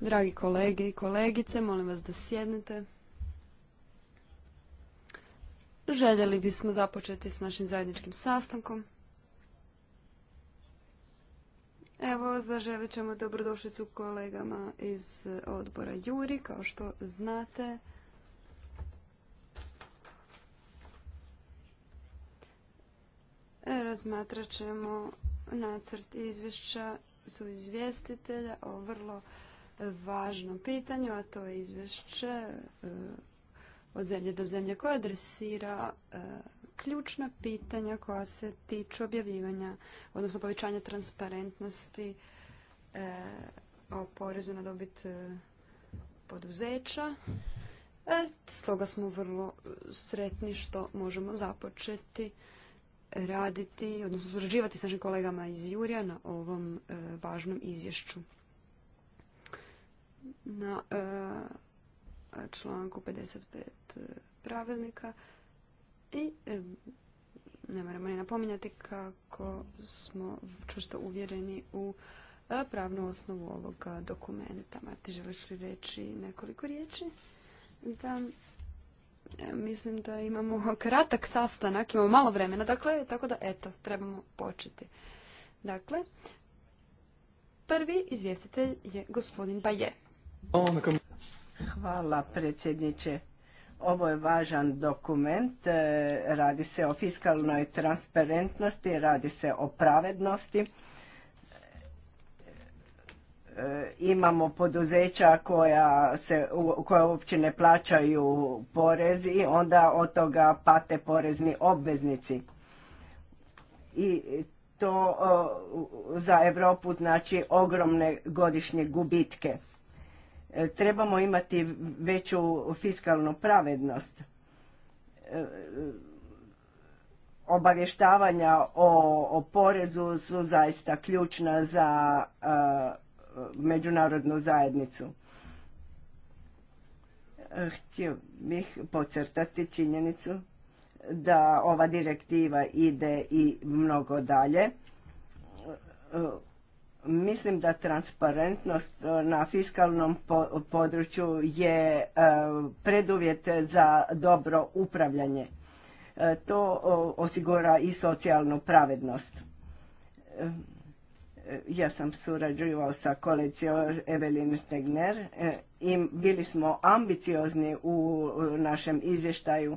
Dragi kolege i kolegice, molim vas da sjednete. Željeli bismo započeti s našim zajedničkim sastankom. Evo, zaželit ćemo dobrodošlicu kolegama iz odbora Juri. Kao što znate, razmatrat ćemo nacrt izvješća su izvjestitelja o vrlo važnom pitanju, a to je izvješće e, od zemlje do zemlje koje adresira e, ključna pitanja koja se tiču objavljivanja, odnosno povećanja transparentnosti e, o porezu na dobit poduzeća. stoga smo vrlo sretni što možemo započeti raditi, odnosno surađivati sa našim kolegama iz Jurija na ovom e, važnom izvješću. Na e, članku 55 e, pravilnika i e, ne moramo ni napominjati kako smo čvrsto uvjereni u pravnu osnovu ovog dokumenta. Marti, želiš li reći nekoliko riječi? Da, E, mislim da imamo kratak sastanak, imamo malo vremena, dakle, tako da eto, trebamo početi. Dakle, prvi izvjestitelj je gospodin Baje. Hvala predsjedniče. Ovo je važan dokument, e, radi se o fiskalnoj transparentnosti, radi se o pravednosti E, imamo poduzeća koja, se, koja uopće ne plaćaju porez i onda od toga pate porezni obveznici. I to za Europu znači ogromne godišnje gubitke. E, trebamo imati veću fiskalnu pravednost e, obavještavanja o, o porezu su zaista ključna za međunarodnu zajednicu. Htio bih pocrtati činjenicu da ova direktiva ide i mnogo dalje. Mislim da transparentnost na fiskalnom području je e, preduvjet za dobro upravljanje. E, to osigura i socijalnu pravednost Eh, ja sam surađivao sa koalicijom Evelin Stegner eh, i bili smo ambiciozni u našem izvještaju.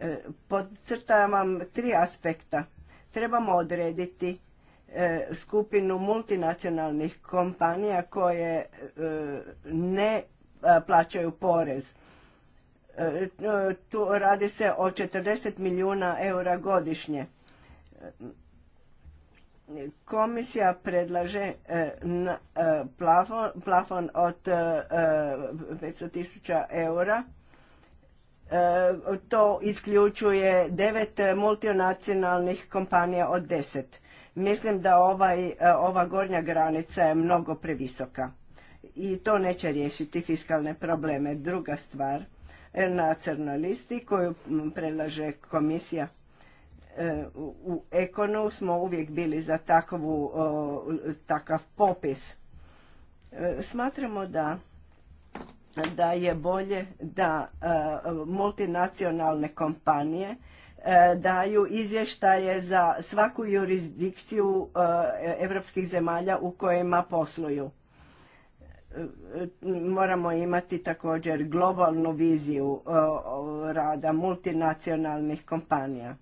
Eh, podcrtavam tri aspekta. Trebamo odrediti skupinu multinacionalnih kompanija koje ne plaćaju porez. Tu radi se o 40 milijuna eura godišnje Komisija predlaže e, e, plafon, od 500 e, tisuća eura. To isključuje devet multinacionalnih kompanija od deset. Mislim da ovaj, ova gornja granica je mnogo previsoka i to neće riješiti fiskalne probleme. Druga stvar, na crnoj listi koju predlaže komisija E, u Ekonu smo uvijek bili za takvu, takav popis. E, smatramo da da je bolje da e, multinacionalne kompanije daju izvještaje za svaku jurisdikciju evropskih zemalja u kojima posluju. Moramo imati također globalnu viziju rada multinacionalnih kompanija.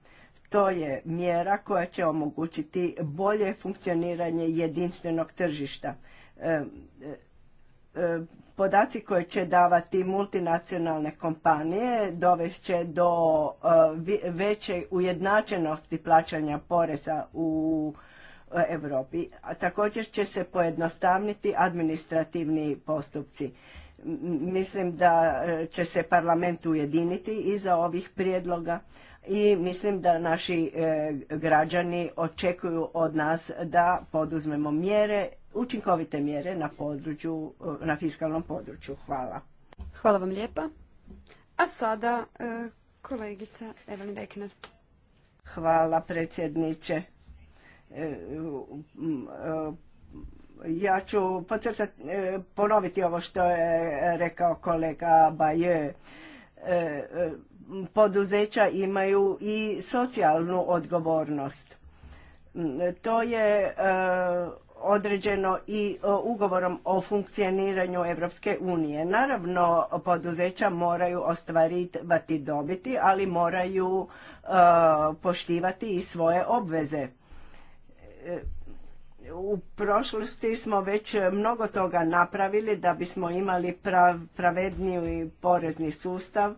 To je mjera koja će omogućiti bolje funkcioniranje jedinstvenog tržišta. E, e, e, podaci koje će davati multinacionalne kompanije će do veće ujednačenosti plaćanja poreza u Europi. A također će se pojednostavniti administrativni postupci. Mislim da će se parlament ujediniti iza ovih prijedloga i mislim da naši e, građani očekuju od nas da poduzmemo mjere, učinkovite mjere na području, e, na fiskalnom području. Hvala. Hvala vam lijepa. A sada e, kolegica Evelin Rekner. Hvala predsjedniče. ja ću ponoviti ovo što je rekao kolega Baje poduzeća imaju i socijalnu odgovornost. Mm, to je e, određeno i e, ugovorom o funkcioniranju Europske unije. Naravno, poduzeća moraju ostvarivati dobiti, ali moraju e, poštivati i svoje obveze. u prošlosti smo već mnogo toga napravili da bismo imali pravedniji porezni sustav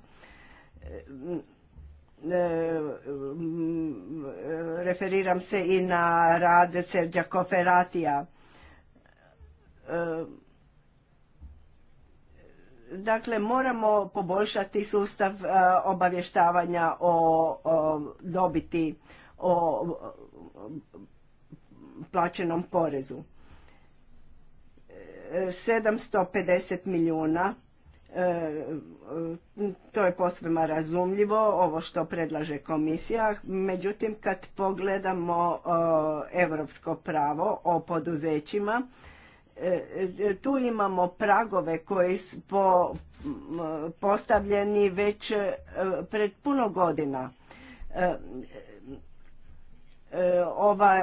Eh, mm, eh, referiram se i na rade Serđa Koferatija. Eh, dakle, moramo poboljšati sustav obavještavanja o, o dobiti, o plaćenom porezu. 750 milijuna E, e, to je posvema razumljivo, ovo što predlaže komisija. Međutim, kad pogledamo e, evropsko pravo o poduzećima, tu imamo pragove koji su postavljeni već pred puno godina.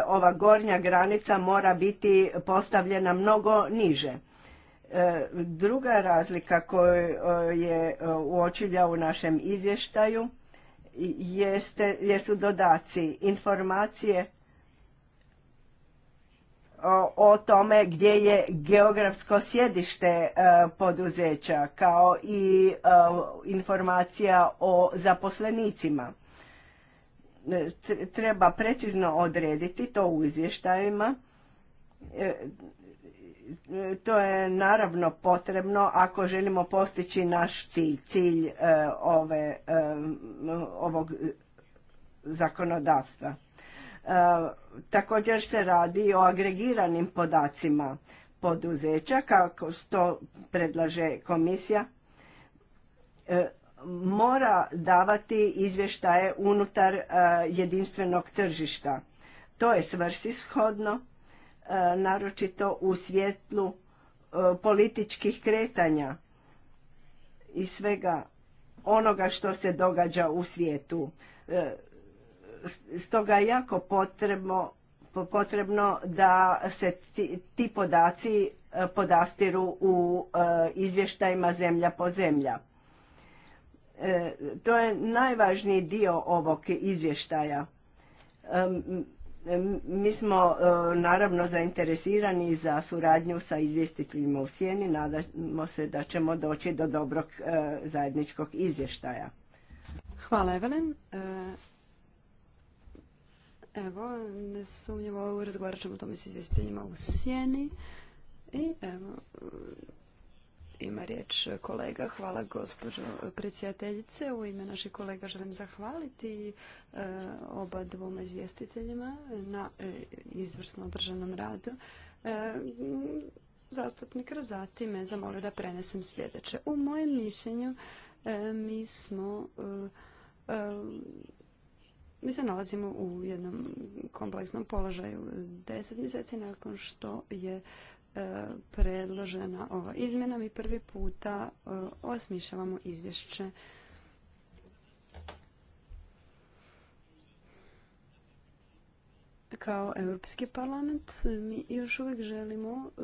ova gornja granica mora biti postavljena mnogo niže E, druga razlika koju e, je e, uočilja u našem izvještaju jeste, jesu dodaci informacije o, tome gdje je geografsko sjedište poduzeća kao i informacija o zaposlenicima. Treba precizno odrediti to u izvještajima to je naravno potrebno ako želimo postići naš cilj, cilj e, ove, e, ovog zakonodavstva. E, također se radi o agregiranim podacima poduzeća, kako to predlaže komisija, mora davati izvještaje unutar jedinstvenog tržišta. To je svrsishodno Eh, naročito u svjetlu eh, političkih kretanja i svega onoga što se događa u svijetu. Eh, stoga je jako potrebno, potrebno da se ti, ti podaci podastiru u izvještajima zemlja po zemlja. To je najvažniji dio ovog izvještaja. Mi smo e, naravno zainteresirani za suradnju sa izvjestiteljima u sjeni. Nadamo se da ćemo doći do dobrog e, zajedničkog izvještaja. Hvala Evelin. E, evo, nesumnjivo razgovarat ćemo o tom s izvjestiteljima u sjeni. I evo, ima riječ kolega. Hvala gospođo predsjedateljice. U ime naših kolega želim zahvaliti e, oba dvoma izvjestiteljima na e, izvrsno održanom radu. E, zastupnik Razati me zamolio da prenesem sljedeće. U mojem mišljenju mi smo mi se nalazimo u jednom kompleksnom položaju deset mjeseci nakon što je E, predložena ova izmjena. Mi prvi puta e, osmišljavamo izvješće kao Europski parlament. Mi još uvijek želimo e,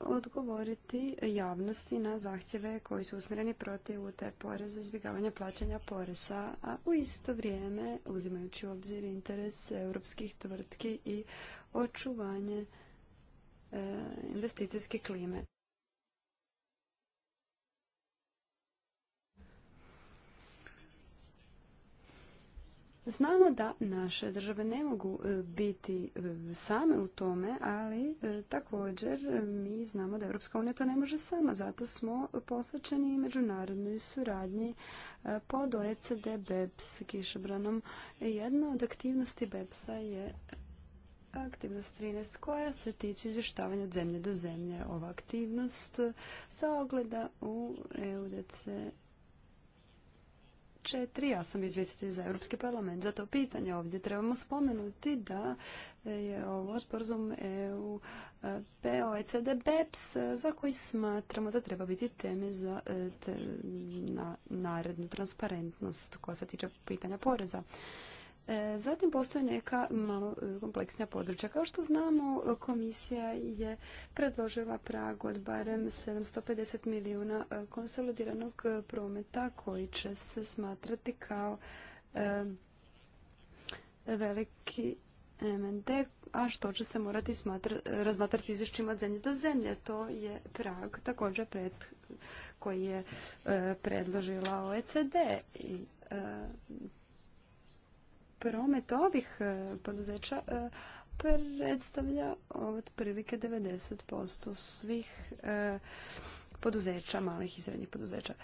odgovoriti javnosti na zahtjeve koji su usmjereni protiv te poreza, izbjegavanja plaćanja poreza, a u isto vrijeme uzimajući u obzir interes europskih tvrtki i očuvanje investicijske klime. Znamo da naše države ne mogu e, biti e, same u tome, ali e, također mi znamo da Europska unija to ne može sama. Zato smo posvećeni međunarodnoj suradnji pod OECD, BEPS, kišobranom. Jedna od aktivnosti BEPS-a je aktivnost 13 koja se tiče izvještavanja od zemlje do zemlje. Ova aktivnost se ogleda u EUDC 4. Ja sam izvjestitelj za Europski parlament. Za to pitanje ovdje trebamo spomenuti da je ovo sporazum EU POECD BEPS za koji smatramo da treba biti teme za e, na, narednu transparentnost koja se tiče pitanja poreza. E, zatim postoje neka malo e, kompleksnija područja. Kao što znamo, komisija je predložila prag od barem 750 milijuna e, konsolidiranog prometa koji će se smatrati kao veliki MND, a što će se morati razmatrati izvješćima zemlje do zemlje. To je prag također pred, koji je predložila OECD i promet ovih e, poduzeća e, predstavlja otprilike 90% svih e, poduzeća, malih i srednjih poduzeća.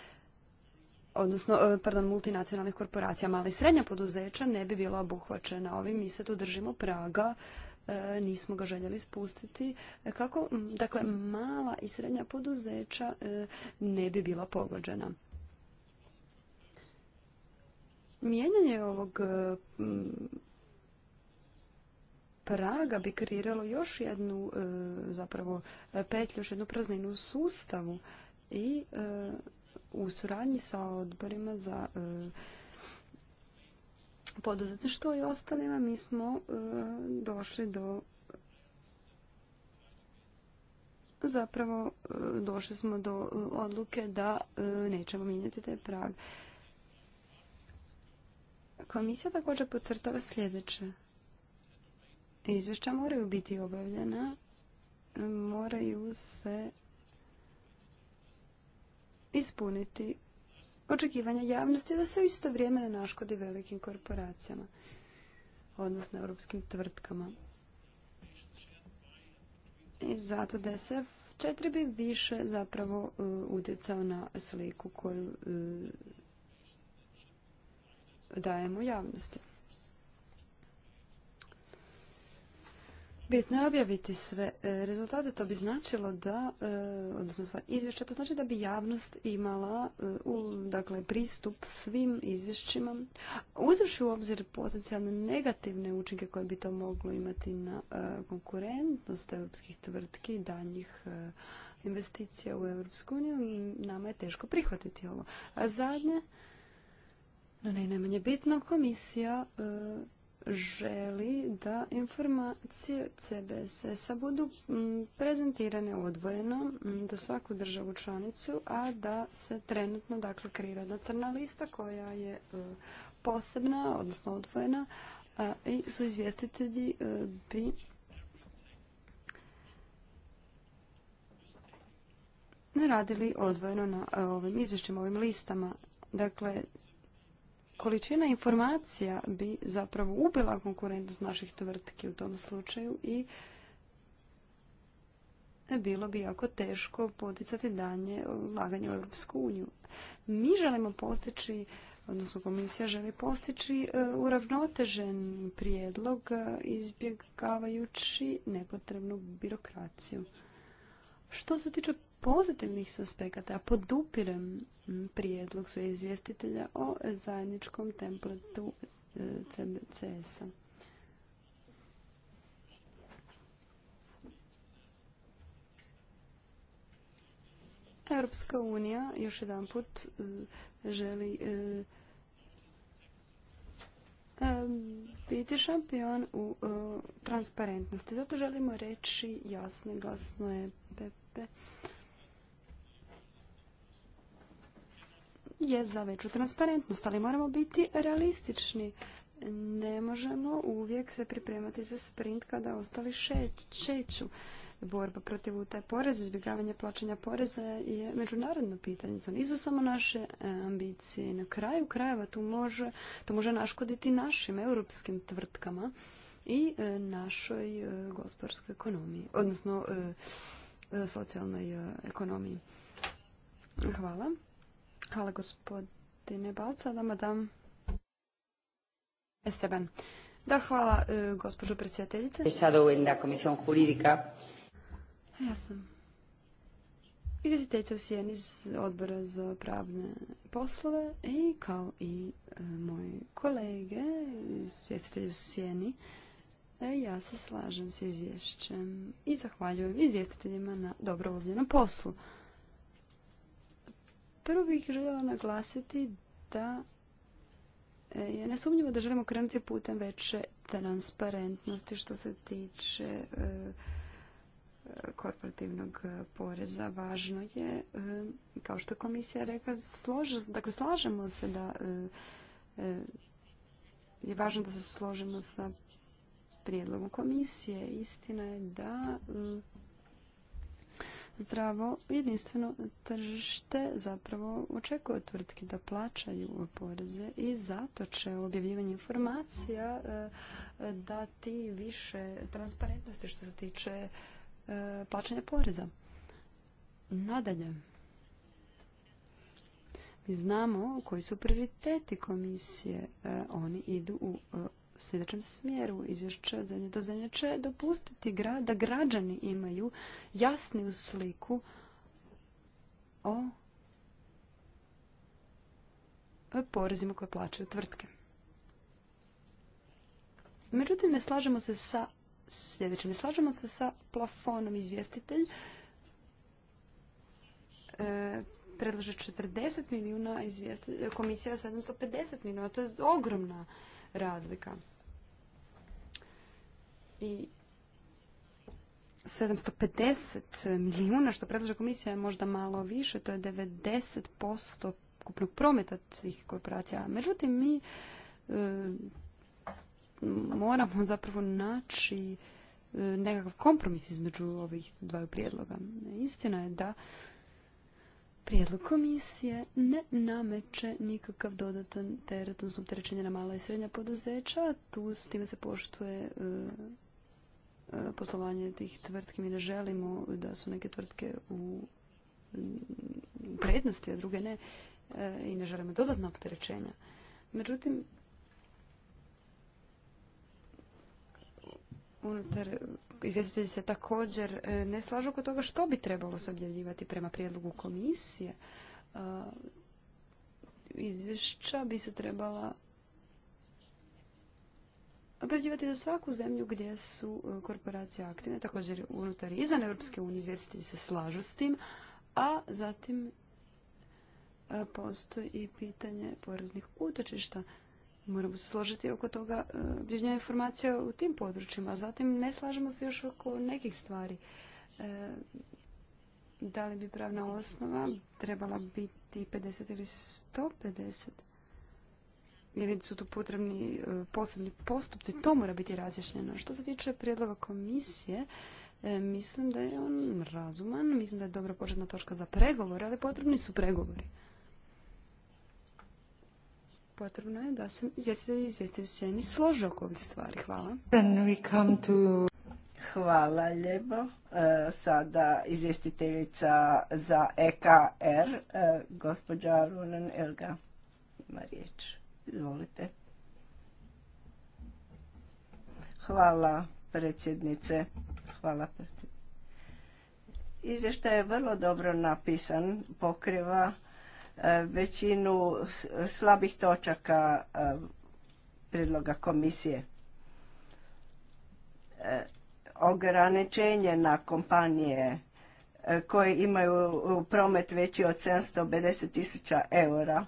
Odnosno, pardon, multinacionalnih korporacija. Mali i srednja poduzeća ne bi bila obuhvaćena ovim. Mi se tu držimo praga nismo ga željeli spustiti. Kako, dakle, mala i srednja poduzeća ne bi bila pogođena. Mijenjanje ovog e, praga bi kreiralo još jednu e, zapravo petlju, još jednu prazninu u sustavu i e, u suradnji sa odborima za poduzetništvo i ostalima mi smo došli do zapravo došli smo do odluke da nećemo mijenjati taj prag. Komisija također podcrtava sljedeće. Izvješća moraju biti obavljena, moraju se ispuniti očekivanja javnosti da se u isto vrijeme ne naškodi velikim korporacijama, odnosno europskim tvrtkama. I zato se 4 bi više zapravo e, utjecao na sliku koju e, dajemo javnosti. Bitno je objaviti sve e, rezultate, to bi značilo da, e, odnosno sva izvješća, to znači da bi javnost imala e, dakle, pristup svim izvješćima, uzevši u obzir potencijalne negativne učinke koje bi to moglo imati na konkurentnost europskih tvrtki i danjih investicija u EU, nama je teško prihvatiti ovo. A zadnje, no ne najmanje bitno, komisija e, želi da informacije CBSS-a budu prezentirane odvojeno da za svaku državu članicu, a da se trenutno dakle, kreira jedna crna lista koja je e, posebna, odnosno odvojena, i su izvjestitelji bi e, ne radili odvojeno na ovim izvješćima, ovim listama. Dakle, količina informacija bi zapravo ubila konkurentnost naših tvrtki u tom slučaju i bilo bi jako teško poticati danje ulaganje u Europsku uniju. Mi želimo postići, odnosno komisija želi postići e, uravnotežen prijedlog e, izbjegavajući nepotrebnu birokraciju. Što se tiče pozitivnih suspekata, podupirem prijedlog su izvjestitelja o zajedničkom templetu e, CBCS-a. Europska unija još jedan put e, želi e, biti šampion u transparentnosti. Zato želimo reći jasno i glasno je Pepe je za veću transparentnost, ali moramo biti realistični. Ne možemo uvijek se pripremati za sprint kada ostali šeću. Borba protiv utaje poreza, izbjegavanje plaćanja poreza je međunarodno pitanje. To nisu samo naše e, ambicije. Na kraju krajeva tu može, to može naškoditi našim europskim tvrtkama i e, našoj e, gospodarskoj ekonomiji, odnosno socijalnoj ekonomiji. Hvala. Hvala gospodine Balca, da madam Eseben. Da, hvala e, gospođo predsjedateljice. Ja sam izvjestiteljica u Sijeni iz odbora za pravne poslove i kao i moje moji kolege izvjestitelji u Sijeni e, ja se slažem s izvješćem i zahvaljujem izvjestiteljima na dobro poslu. Prvo bih željela naglasiti da e, je nesumnjivo da želimo krenuti putem veće transparentnosti što se tiče e, korporativnog poreza. Važno je, e, kao što je komisija rekla, dakle slažemo se da je važno da se složimo sa prijedlogom komisije. Istina je da zdravo jedinstveno tržište zapravo očekuje tvrtki da plaćaju poreze i zato će objavljivanje informacija e, dati više transparentnosti što se tiče e, plaćanja poreza. Nadalje, mi znamo koji su prioriteti komisije. E, oni idu u sljedećem smjeru. Izvješće od zemlje do zemlje će dopustiti da građani imaju jasniju sliku o porezima koje plaćaju tvrtke. Međutim, ne slažemo se sa sljedećim. Ne slažemo se sa plafonom izvjestitelj. E, predlaže 40 milijuna izvjestitelj, komisija 750 milijuna. To je ogromna razlika. I 750 milijuna što predlaže komisija je možda malo više, to je 90% kupnog prometa svih korporacija. Međutim, mi e, moramo zapravo naći e, nekakav kompromis između ovih dvaju prijedloga. Istina je da Prijedlog komisije ne nameće nikakav dodatan teret, odnosno opterećenje na mala i srednja poduzeća. Tu s time se poštuje e, e, poslovanje tih tvrtki. Mi ne želimo da su neke tvrtke u prednosti, a druge ne. E, I ne želimo dodatna opterećenja. Međutim, unutar izvjestitelji se također e, ne slažu kod toga što bi trebalo se objavljivati prema prijedlogu komisije. E, izvješća bi se trebala objavljivati za svaku zemlju gdje su e, korporacije aktivne, također unutar izvan Europske unije izvjestitelji se slažu s tim, a zatim postoji i pitanje poreznih utočišta. Moramo se složiti oko toga objavljanja e, informacija u tim područjima. Zatim ne slažemo se još oko nekih stvari. E, da li bi pravna osnova trebala biti 50 ili 150? Ili su tu potrebni e, posebni postupci? To mora biti razjašnjeno. Što se tiče prijedloga komisije, mislim da je on razuman, mislim da je dobra početna točka za pregovore, ali potrebni su pregovori potrebno je da se izvjestitelji izvjestitelji sjeni slože oko ovih stvari. Hvala. Hvala lijepo. E, sada izvjestiteljica za EKR, e, gospođa Runan Elga. Ima riječ. Izvolite. Hvala predsjednice. Hvala predsjednice. Izvještaj je vrlo dobro napisan, pokriva E, većinu slabih točaka e, predloga komisije. E, ograničenje na kompanije koje imaju promet veći od 750.000 tisuća eura.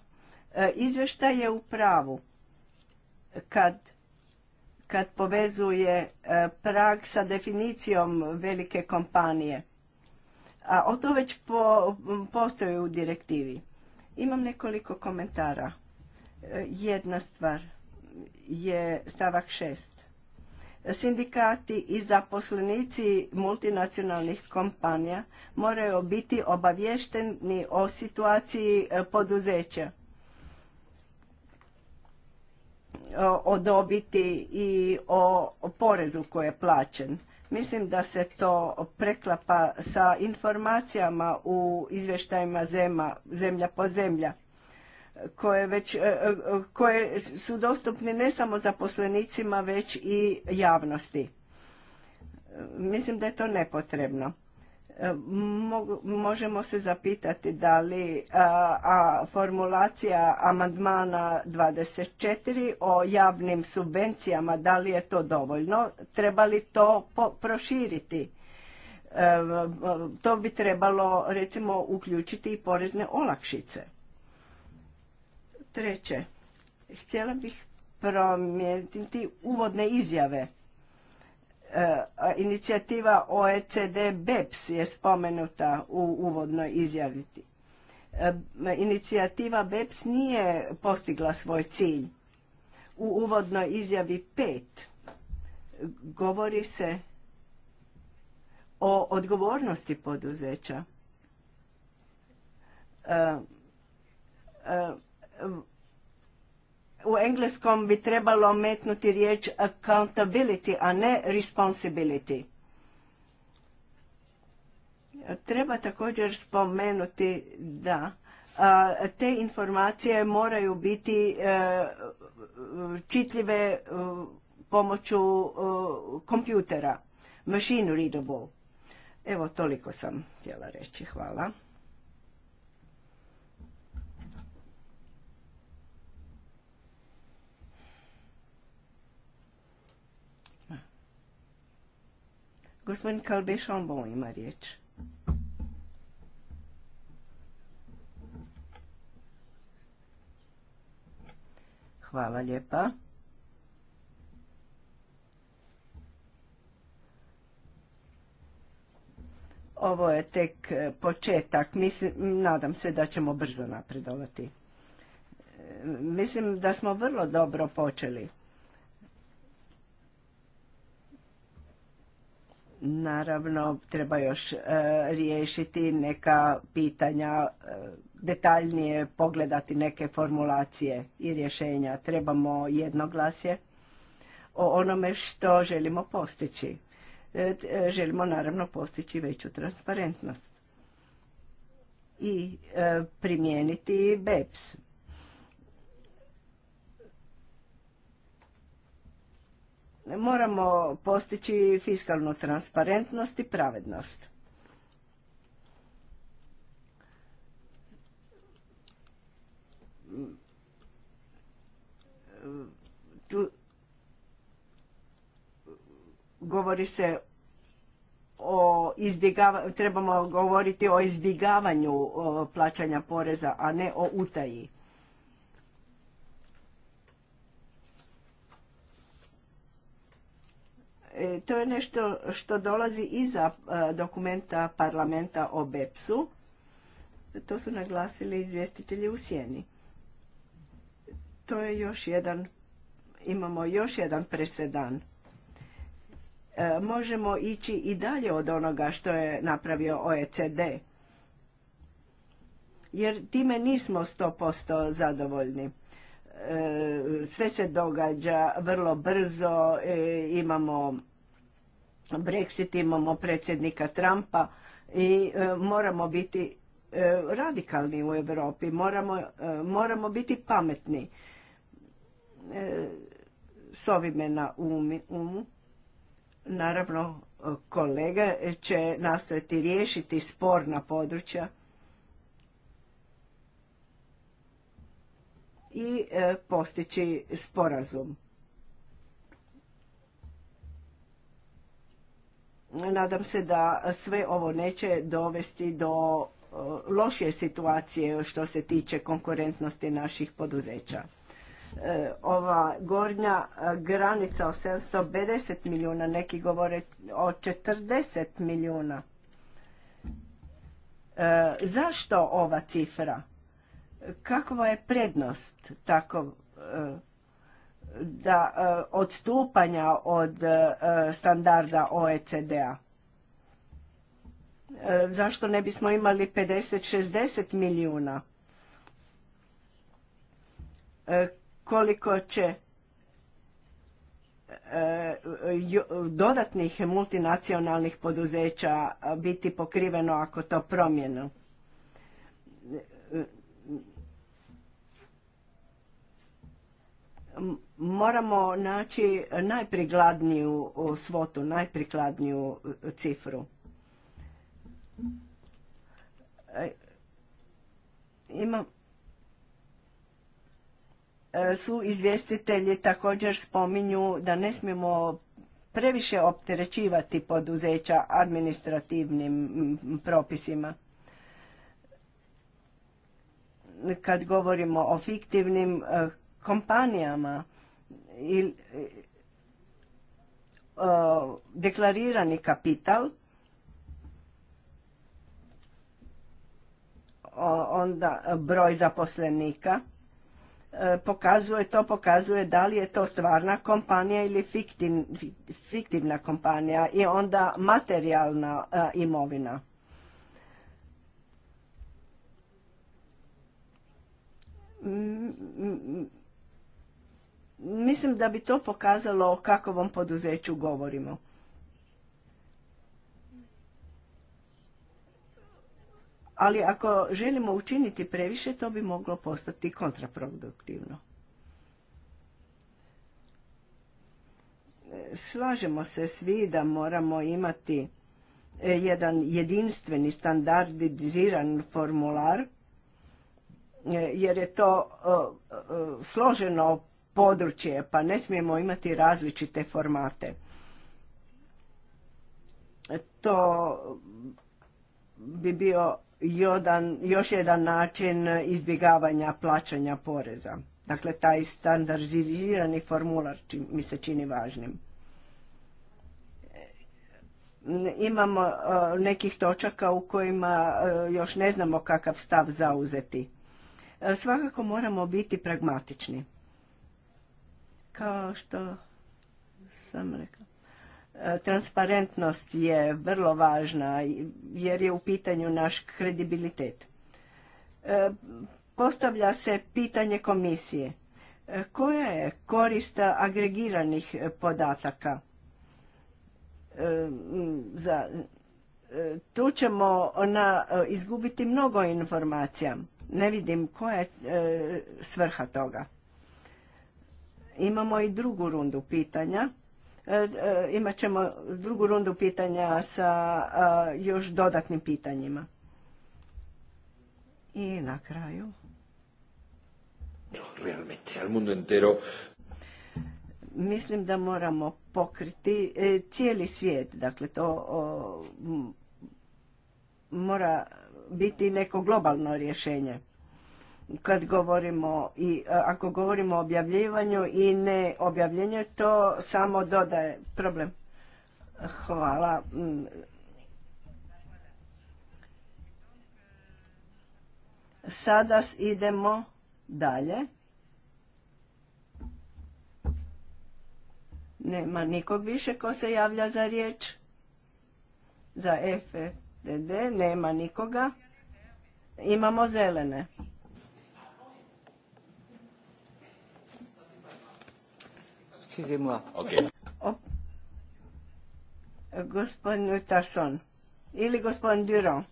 Izvještaj je u pravu kad, kad povezuje prag sa definicijom velike kompanije. A o to već postoji u direktivi. Imam nekoliko komentara. E, jedna stvar je stavak šest. Sindikati i zaposlenici multinacionalnih kompanija moraju biti obavješteni o situaciji e, poduzeća, e, o dobiti i o porezu koji je plaćen Mislim da se to preklapa sa informacijama u izvještajima zema, zemlja po zemlja koje, već, e, e, koje su dostupni ne samo zaposlenicima već i javnosti. Mislim da je to nepotrebno. E, možemo se zapitati da li e, a, formulacija amandmana 24 o javnim subvencijama, da li je to dovoljno, treba li to proširiti. E, to bi trebalo recimo uključiti i porezne olakšice. Treće, htjela bih promijeniti uvodne izjave E, inicijativa OECD BEPS je spomenuta u uvodnoj izjaviti. E, inicijativa BEPS nije postigla svoj cilj. U uvodnoj izjavi 5 govori se o odgovornosti poduzeća. E, u engleskom bi trebalo metnuti riječ accountability, a ne responsibility. Treba također spomenuti da te informacije moraju biti e, čitljive e, pomoću e, kompjutera, machine readable. Evo, toliko sam htjela reći. Hvala. Gospodin Kalbe Šambon ima riječ. Hvala lijepa. Ovo je tek e, početak. nadam se da ćemo brzo napredovati. E, mislim da smo vrlo dobro počeli. Naravno, treba još e, riješiti neka pitanja, e, detaljnije pogledati neke formulacije i rješenja. Trebamo jednoglasje o onome što želimo postići. E, želimo naravno postići veću transparentnost i primijeniti BEPS Moramo postići fiskalnu transparentnost i pravednost. Tu govori se o trebamo govoriti o izbjegavanju plaćanja poreza, a ne o utaji. E, to je nešto što dolazi iza e, dokumenta parlamenta o BEPS-u. To su naglasili izvjestitelji u sjeni. To je još jedan, imamo još jedan presedan. E, možemo ići i dalje od onoga što je napravio OECD. Jer time nismo 100% zadovoljni sve se događa vrlo brzo, e, imamo Brexit, imamo predsjednika Trumpa i e, moramo biti e, radikalni u Europi, moramo, moramo biti pametni. S ovime na umu. Naravno, kolega će nastojati riješiti sporna područja i e, postići sporazum. Nadam se da sve ovo neće dovesti do e, lošije situacije što se tiče konkurentnosti naših poduzeća. E, ova gornja granica o 750 milijuna, neki govore o 40 milijuna. Zašto ova cifra? kakva je prednost tako eh, da eh, odstupanja od eh, standarda OECD-a? Zašto ne bismo imali 50-60 milijuna? Koliko će dodatnih multinacionalnih poduzeća biti pokriveno ako to promjenu? moramo naći najprigladniju svotu, najprikladniju cifru. E, Imam e, su izvjestitelji također spominju da ne smijemo previše opterećivati poduzeća administrativnim propisima. Kad govorimo o fiktivnim e, kompanijama ili e, e, deklarirani kapital, onda broj zaposlenika, e, pokazuje to, pokazuje da li je to stvarna kompanija ili fiktivna kompanija i onda materijalna imovina. Mislim da bi to pokazalo o kakvom poduzeću govorimo. Ali ako želimo učiniti previše, to bi moglo postati kontraproduktivno. Slažemo se svi da moramo imati e, jedan jedinstveni standardiziran formular, e, jer je to e, složeno područje, pa ne smijemo imati različite formate. To bi bio još jedan način izbjegavanja plaćanja poreza. Dakle, taj standardizirani formular mi se čini važnim. Imamo e, nekih točaka u kojima e, još ne znamo kakav stav zauzeti. E, svakako moramo biti pragmatični. Kao što sam rekla, e, transparentnost je vrlo važna jer je u pitanju naš kredibilitet. E, postavlja se pitanje komisije. E, koja je korista agregiranih podataka? Za, tu ćemo na izgubiti mnogo informacija. Ne vidim koja je svrha toga. Imamo i drugu rundu pitanja. E, e, imat ćemo drugu rundu pitanja sa e, još dodatnim pitanjima. I na kraju. Mislim da moramo pokriti cijeli svijet. Dakle, to mora biti neko globalno rješenje kad govorimo i e, ako govorimo o objavljivanju i ne objavljenju, to samo dodaje problem. Hvala. Mm. Sada idemo dalje. Nema nikog više ko se javlja za riječ. Za FDD e nema nikoga. Imamo zelene. Excusez-moi. Oh. Gospodin Tasson ili gospodin Durand.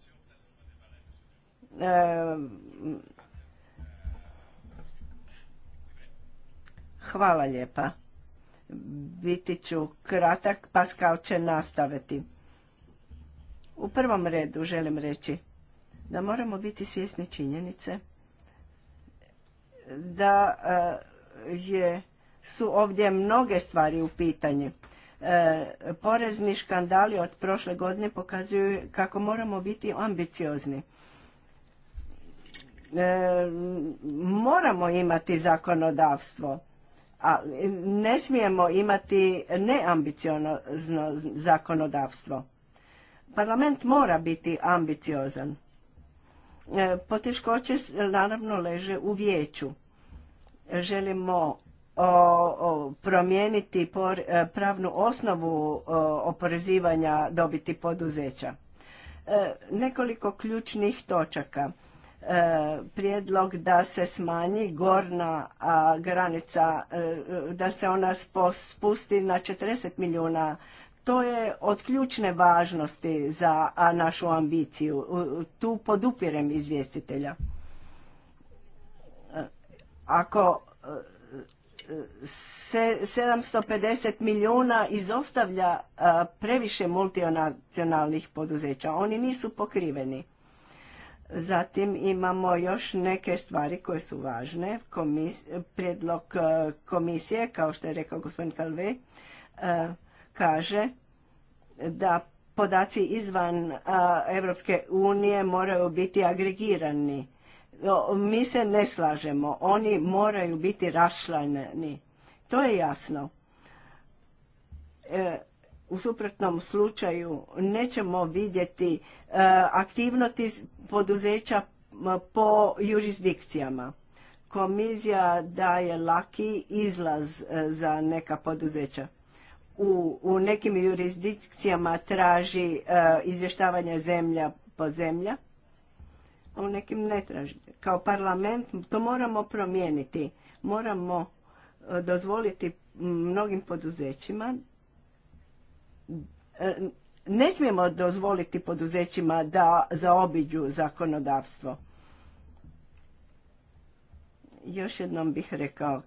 Eh, hvala lijepa. Biti ću kratak, Pascal će nastaviti. U prvom redu želim reći da moramo biti svjesni činjenice da eh, je su ovdje mnoge stvari u pitanju. E, porezni škandali od prošle godine pokazuju kako moramo biti ambiciozni. E, moramo imati zakonodavstvo, a ne smijemo imati neambiciozno zakonodavstvo. Parlament mora biti ambiciozan. E, poteškoće naravno leže u vijeću. Želimo o, promijeniti e, pravnu osnovu o, oporezivanja dobiti poduzeća. E, nekoliko ključnih točaka. E, prijedlog da se smanji gorna a, granica, da se ona spusti na 40 milijuna to je od ključne važnosti za našu ambiciju. Tu podupirem izvjestitelja. Ako 750 milijuna izostavlja previše multinacionalnih poduzeća. Oni nisu pokriveni. Zatim imamo još neke stvari koje su važne. predlog prijedlog komisije, kao što je rekao gospodin Kalve, kaže da podaci izvan Europske unije moraju biti agregirani mi se ne slažemo. Oni moraju biti rašlanjeni. To je jasno. E, u suprotnom slučaju nećemo vidjeti e, aktivnosti poduzeća po jurisdikcijama. Komisija daje laki izlaz e, za neka poduzeća. U, nekim jurisdikcijama traži izvještavanje zemlja po zemlja u nekim ne Kao parlament to moramo promijeniti. Moramo e, dozvoliti mnogim poduzećima e, ne smijemo dozvoliti poduzećima da zaobiđu zakonodavstvo. Još jednom bih rekao,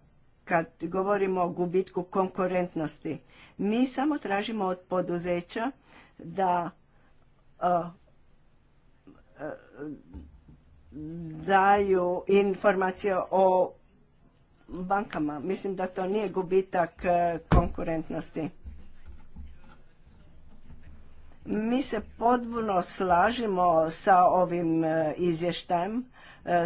kad govorimo o gubitku konkurentnosti, mi samo tražimo od poduzeća da e, daju informacije o bankama. Mislim da to nije gubitak e, konkurentnosti. Mi se potpuno slažimo sa ovim e, izvještajem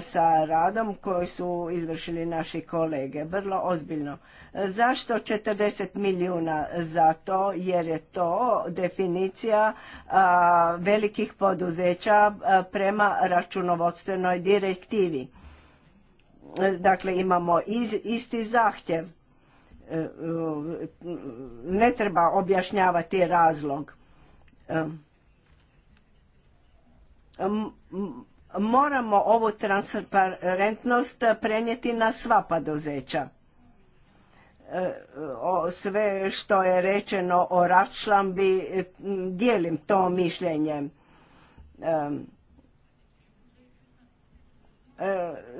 sa radom koji su izvršili naši kolege, vrlo ozbiljno. Zašto 40 milijuna za to? Jer je to definicija velikih poduzeća prema računovodstvenoj direktivi. Dakle, imamo isti zahtjev. Ne treba objašnjavati razlog moramo ovu transparentnost prenijeti na sva poduzeća. E, sve što je rečeno o račlambi, e, dijelim to mišljenje. E,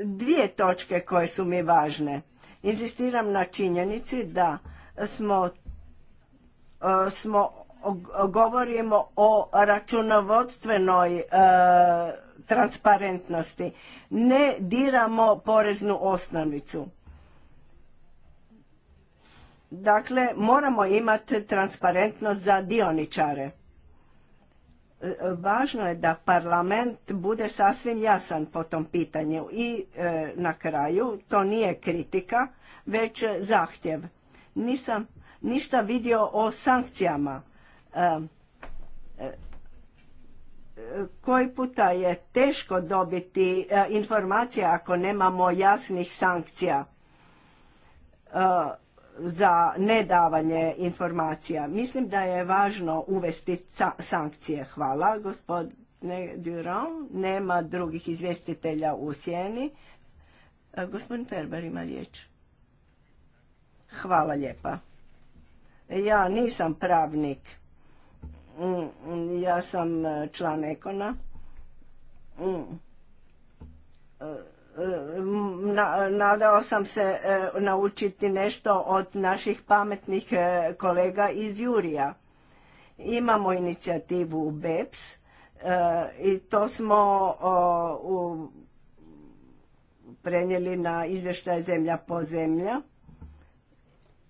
dvije točke koje su mi važne. Inzistiram na činjenici da smo, smo govorimo o računovodstvenoj transparentnosti. Ne diramo poreznu osnovicu. Dakle, moramo imati transparentnost za dioničare. E, važno je da parlament bude sasvim jasan po tom pitanju i e, na kraju, to nije kritika, već zahtjev. Nisam ništa vidio o sankcijama. E, koji puta je teško dobiti e, informacije ako nemamo jasnih sankcija e, za nedavanje informacija. Mislim da je važno uvesti sankcije. Hvala, gospodine Durand. Nema drugih izvjestitelja u sjeni. E, gospodin Ferber ima riječ. Hvala lijepa. Ja nisam pravnik Mm, ja sam e, član Ekona. Mm. E, e, nadao sam se naučiti nešto od naših pametnih kolega iz Jurija. Imamo inicijativu u BEPS i to smo prenijeli na izvještaj zemlja po zemlja.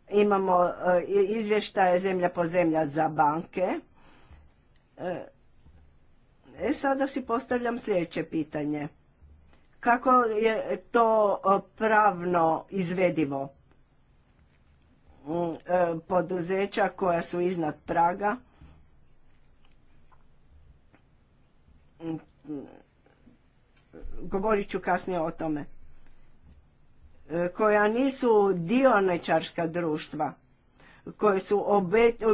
Imamo izvještaje zemlja po zemlja za banke E, e sada si postavljam sljedeće pitanje. Kako je to pravno izvedivo? Mm, e, poduzeća koja su iznad praga govorit ću kasnije o tome, e, koja nisu dioničarska društva, koje su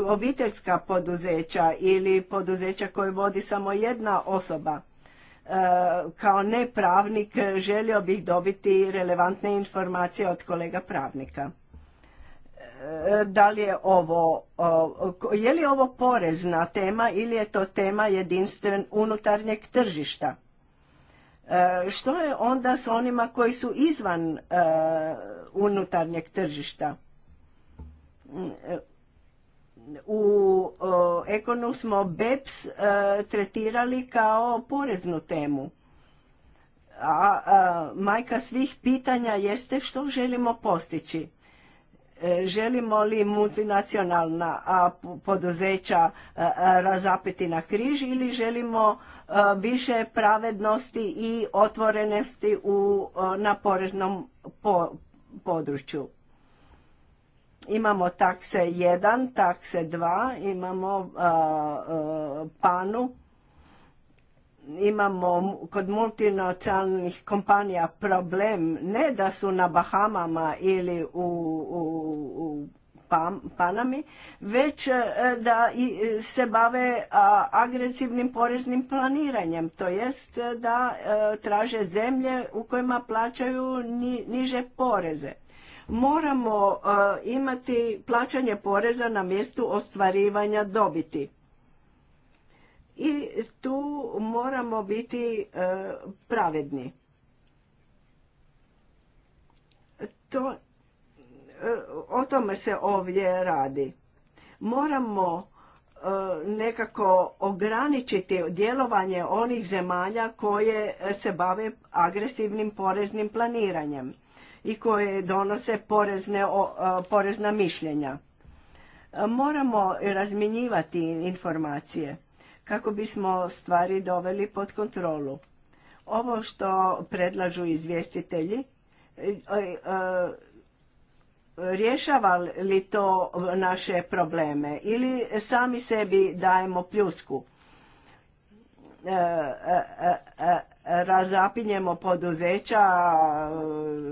obiteljska poduzeća ili poduzeća koje vodi samo jedna osoba. E, kao nepravnik želio bih dobiti relevantne informacije od kolega pravnika. E, da li je ovo, je li ovo porezna tema ili je to tema jedinstven unutarnjeg tržišta? E, što je onda s onima koji su izvan unutarnjeg tržišta? u ekonom smo BEPS e, tretirali kao poreznu temu. A, majka svih pitanja jeste što želimo postići. E, želimo li multinacionalna poduzeća e, razapeti na križ ili želimo više pravednosti i otvorenosti na poreznom području. Imamo takse 1, takse 2, imamo uh, uh, panu, imamo kod multinacionalnih kompanija problem ne da su na Bahamama ili u Panami, već uh, da se bave agresivnim poreznim planiranjem, to jest da traže zemlje u kojima plaćaju niže poreze moramo e, imati plaćanje poreza na mjestu ostvarivanja dobiti. I tu moramo biti e, pravedni. E, o tome se ovdje radi. Moramo nekako ograničiti djelovanje onih zemalja koje se bave agresivnim poreznim planiranjem i koje donose e, porezna mišljenja. Moramo razminjivati informacije kako bismo stvari doveli pod kontrolu. Ovo što predlažu izvjestitelji, e, e, rješava li to naše probleme ili sami sebi dajemo pljusku? razapinjemo poduzeća,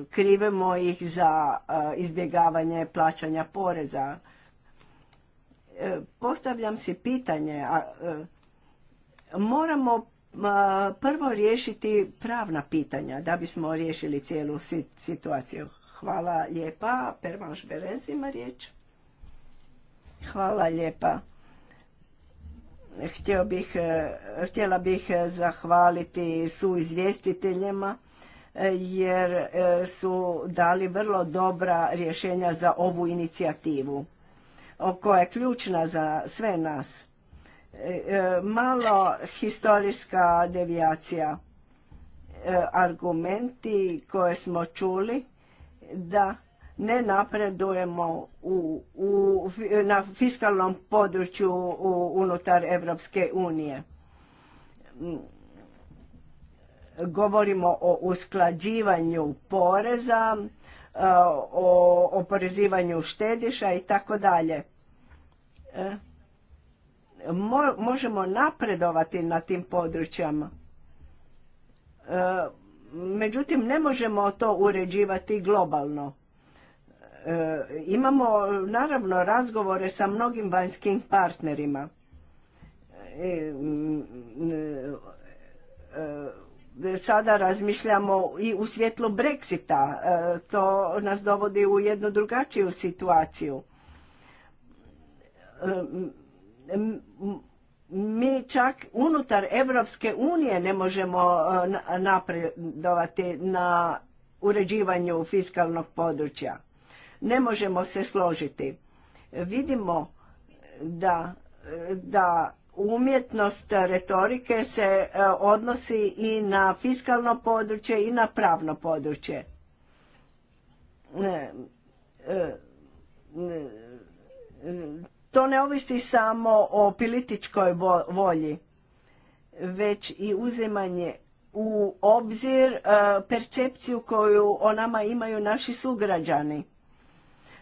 krivemo ih za e, izbjegavanje plaćanja poreza. E, postavljam si pitanje, e, moramo prvo riješiti pravna pitanja da bismo riješili cijelu situaciju. Hvala lijepa. Pervanš riječ. Hvala lijepa. E, htjela bih e, zahvaliti su izvjestiteljima e, jer su dali vrlo dobra rješenja za ovu inicijativu koja je ključna za sve nas. Malo historijska devijacija. Argumenti koje smo čuli da ne napredujemo u, u, na fiskalnom području u, unutar Europske unije. Govorimo o usklađivanju poreza, o oporezivanju štediša i tako dalje. E, možemo napredovati na tim područjama. E, međutim, ne možemo to uređivati globalno E, imamo naravno razgovore sa mnogim vanjskim partnerima. E, e, sada razmišljamo i u svjetlu Brexita. To nas dovodi u jednu drugačiju situaciju. Mi čak unutar Evropske unije ne možemo napredovati na uređivanju fiskalnog područja. Ne možemo se složiti. Vidimo da, da umjetnost retorike se e, odnosi i na fiskalno područje i na pravno područje. E, to ne ovisi samo o političkoj volji, već i uzimanje u obzir e, percepciju koju o nama imaju naši sugrađani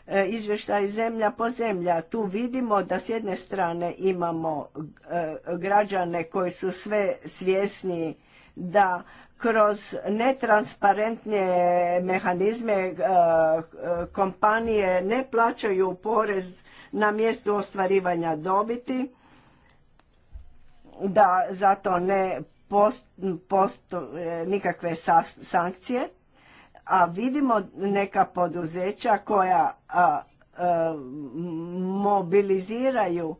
E, izvještaj zemlja po zemlja. Tu vidimo da s jedne strane imamo e, građane koji su sve svjesni da kroz netransparentne mehanizme e, kompanije ne plaćaju porez na mjestu ostvarivanja dobiti, da zato ne postoje nikakve sankcije a vidimo neka poduzeća koja mobiliziraju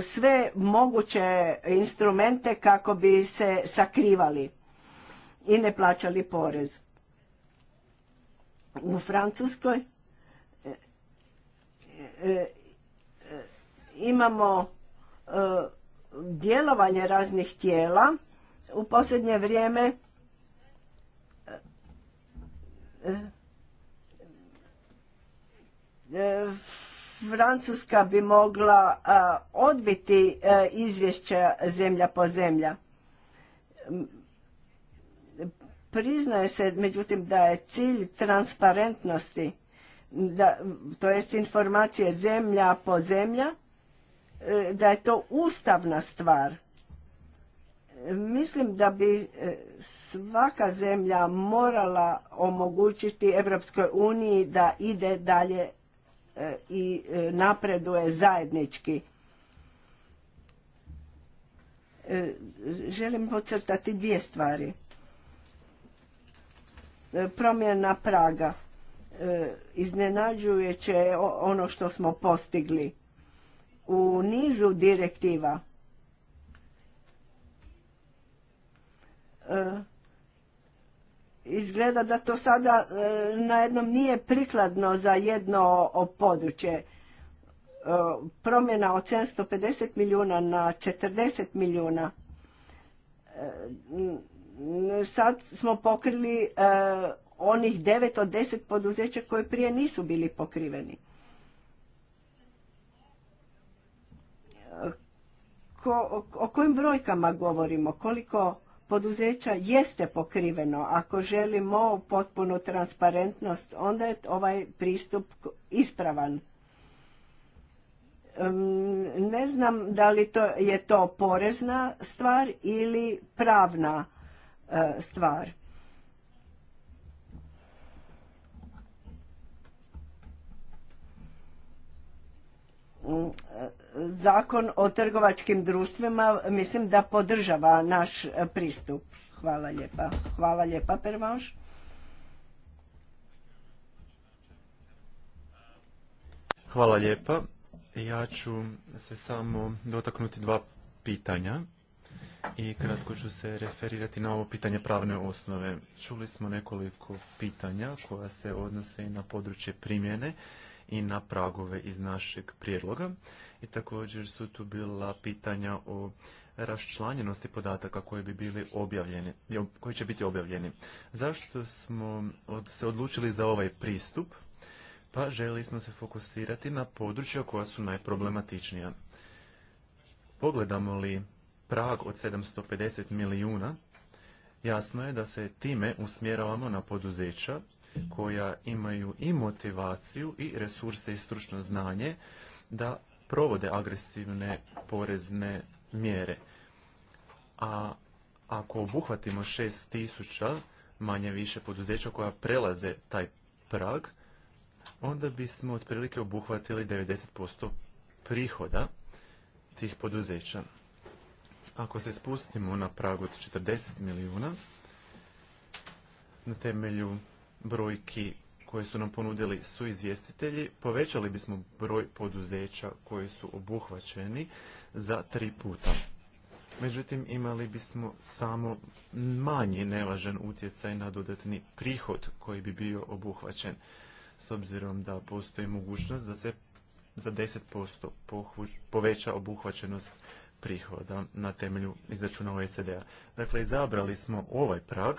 sve moguće instrumente kako bi se sakrivali i ne plaćali porez. U Francuskoj e, e, imamo e, djelovanje raznih tijela u posljednje vrijeme E, e, Francuska bi mogla odbiti e, izvješća zemlja po zemlja. Priznaje se, međutim, da je cilj transparentnosti, da, to jest informacije zemlja po zemlja, da je to ustavna stvar Mislim da bi e, svaka zemlja morala omogućiti Evropskoj uniji da ide dalje e, i e, napreduje zajednički. Želim pocrtati dvije stvari. Promjena praga. Iznenađujuće je ono što smo postigli. U nizu direktiva E, izgleda da to sada e, na jednom nije prikladno za jedno područje. E, promjena od 750 milijuna na 40 milijuna. Sad smo pokrili onih 9 od 10 poduzeća koje prije nisu bili pokriveni. o kojim brojkama govorimo? Koliko poduzeća jeste pokriveno. Ako želimo potpunu transparentnost, onda je ovaj pristup ispravan. Ne znam da li to, je to porezna stvar ili pravna e, stvar zakon o trgovačkim društvima mislim da podržava naš pristup. Hvala lijepa. Hvala lijepa, vaš. Hvala lijepa. Ja ću se samo dotaknuti dva pitanja i kratko ću se referirati na ovo pitanje pravne osnove. Čuli smo nekoliko pitanja koja se odnose i na područje primjene i na pragove iz našeg prijedloga i također su tu bila pitanja o raščlanjenosti podataka koji bi bili objavljeni, koji će biti objavljeni. Zašto smo se odlučili za ovaj pristup? Pa želi smo se fokusirati na područja koja su najproblematičnija. Pogledamo li prag od 750 milijuna, jasno je da se time usmjeravamo na poduzeća koja imaju i motivaciju i resurse i stručno znanje da provode agresivne porezne mjere. A ako obuhvatimo 6000 manje više poduzeća koja prelaze taj prag, onda bismo otprilike obuhvatili 90% prihoda tih poduzeća. Ako se spustimo na prag od 40 milijuna, na temelju brojki koje su nam ponudili su izvjestitelji, povećali bismo broj poduzeća koji su obuhvaćeni za tri puta. Međutim, imali bismo samo manji nevažan utjecaj na dodatni prihod koji bi bio obuhvaćen, s obzirom da postoji mogućnost da se za 10% poveća obuhvaćenost prihoda na temelju izračuna OECD-a. Dakle, izabrali smo ovaj prag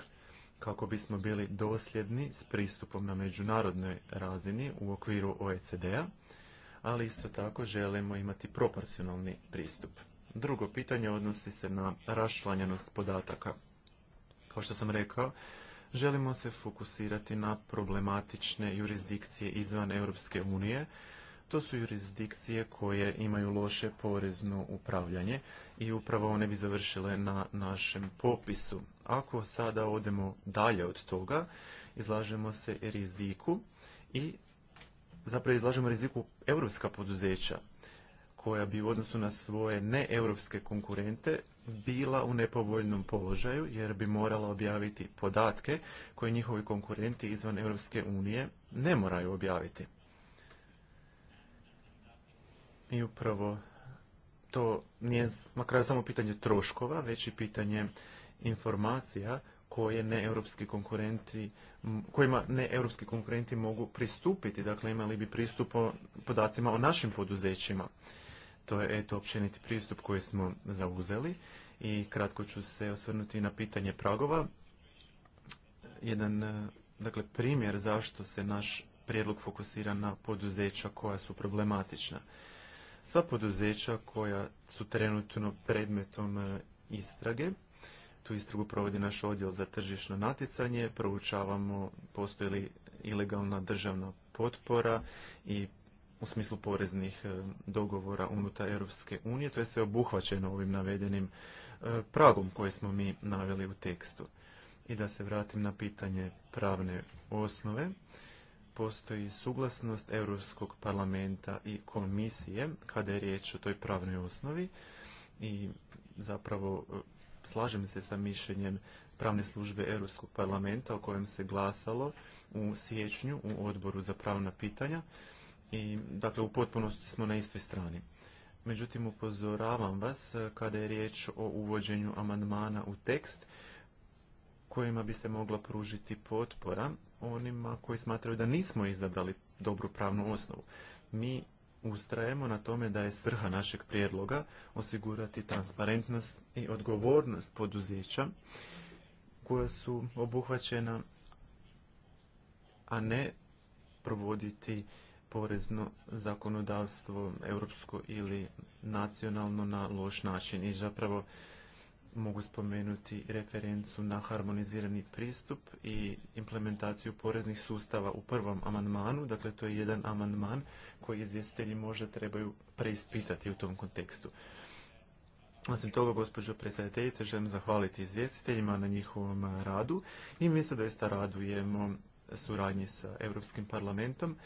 kako bismo bili dosljedni s pristupom na međunarodnoj razini u okviru OECD-a, ali isto tako želimo imati proporcionalni pristup. Drugo pitanje odnosi se na rašlanjenost podataka. Kao što sam rekao, želimo se fokusirati na problematične jurisdikcije izvan Europske unije. To su jurisdikcije koje imaju loše porezno upravljanje i upravo one bi završile na našem popisu ako sada odemo dalje od toga, izlažemo se riziku i zapravo izlažemo riziku europska poduzeća koja bi u odnosu na svoje neeuropske konkurente bila u nepovoljnom položaju jer bi morala objaviti podatke koje njihovi konkurenti izvan Europske unije ne moraju objaviti. I upravo to nije na kraju samo pitanje troškova, već i pitanje informacija koje ne europski konkurenti, kojima ne europski konkurenti mogu pristupiti, dakle imali bi pristup podacima o našim poduzećima. To je eto općeniti pristup koji smo zauzeli i kratko ću se osvrnuti na pitanje pragova. Jedan e, dakle, primjer zašto se naš prijedlog fokusira na poduzeća koja su problematična. Sva poduzeća koja su trenutno predmetom e, istrage tu istragu provodi naš odjel za tržišno natjecanje, proučavamo postoji li ilegalna državna potpora i u smislu poreznih e, dogovora unutar Europske unije. To je sve obuhvaćeno ovim navedenim e, pragom koje smo mi naveli u tekstu. I da se vratim na pitanje pravne osnove. Postoji suglasnost Europskog parlamenta i komisije kada je riječ o toj pravnoj osnovi i zapravo e, slažem se sa mišljenjem pravne službe Europskog parlamenta o kojem se glasalo u siječnju u odboru za pravna pitanja i dakle u potpunosti smo na istoj strani. Međutim, upozoravam vas eh, kada je riječ o uvođenju amandmana u tekst kojima bi se mogla pružiti potpora onima koji smatraju da nismo izabrali dobru pravnu osnovu. Mi Ustrajemo na tome da je svrha našeg prijedloga osigurati transparentnost i odgovornost poduzeća koja su obuhvaćena, a ne provoditi porezno zakonodavstvo europsko ili nacionalno na loš način. I zapravo mogu spomenuti referencu na harmonizirani pristup i implementaciju poreznih sustava u prvom amandmanu. Dakle, to je jedan amandman koji izvjestitelji možda trebaju preispitati u tom kontekstu. Osim toga, gospođo predsjedateljice, želim zahvaliti izvjestiteljima na njihovom radu i mi se doista radujemo suradnji sa Europskim parlamentom.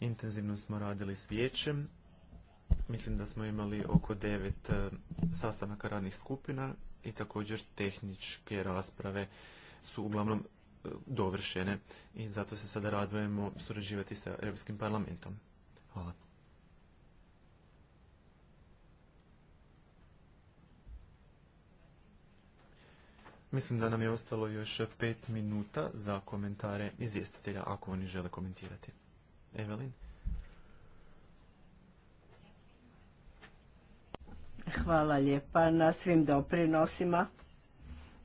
Intenzivno smo radili s vijećem. Mislim da smo imali oko devet sastanaka radnih skupina i također tehničke rasprave su uglavnom dovršene i zato se sada radujemo surađivati sa Europskim parlamentom. Hvala. Mislim da nam je ostalo još pet minuta za komentare izvjestitelja, ako oni žele komentirati. Evelin? Hvala lijepa na svim doprinosima.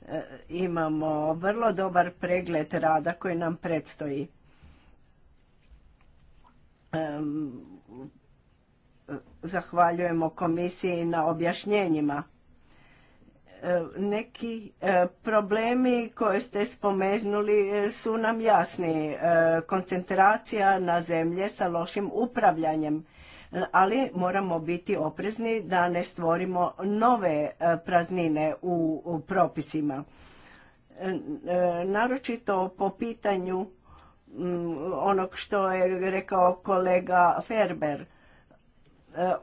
E, imamo vrlo dobar pregled rada koji nam predstoji. Zahvaljujemo komisiji na objašnjenjima. E, neki e, problemi koje ste spomenuli e, su nam jasni. Koncentracija na zemlje sa lošim upravljanjem, ali moramo biti oprezni da ne stvorimo nove praznine u propisima. Naročito po pitanju Mm, onog što je rekao kolega Ferber e,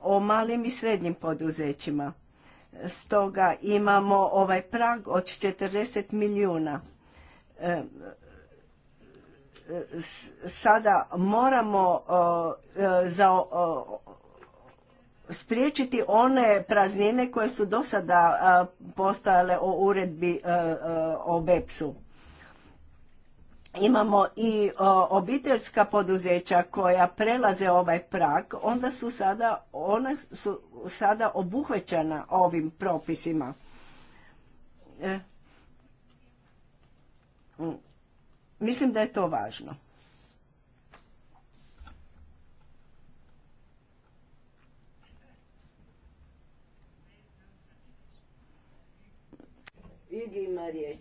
o malim i srednjim poduzećima. Stoga imamo ovaj prag od 40 milijuna. E, e, sada moramo za spriječiti one praznine koje su do sada postojale o uredbi o BEPS-u imamo i obiteljska poduzeća koja prelaze ovaj prag, onda su sada, ona su sada obuhvećena ovim propisima. E, mislim da je to važno. Ugi ima riječ.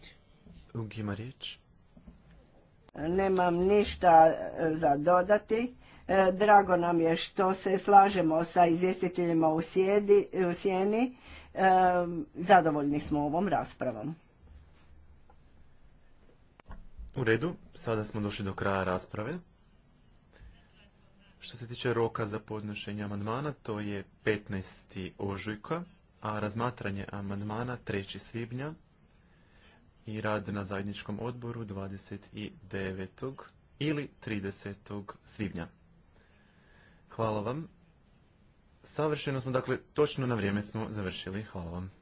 Ugi ima riječ. Nemam ništa e, za dodati. E, drago nam je što se slažemo sa izvjestiteljima u, sjedi, sjeni. E, zadovoljni smo ovom raspravom. U redu, sada smo došli do kraja rasprave. Što se tiče roka za podnošenje amandmana, to je 15. ožujka, a razmatranje amandmana 3. svibnja i rad na zajedničkom odboru 29. ili 30. svibnja. Hvala vam. Savršeno smo, dakle, točno na vrijeme smo završili. Hvala vam.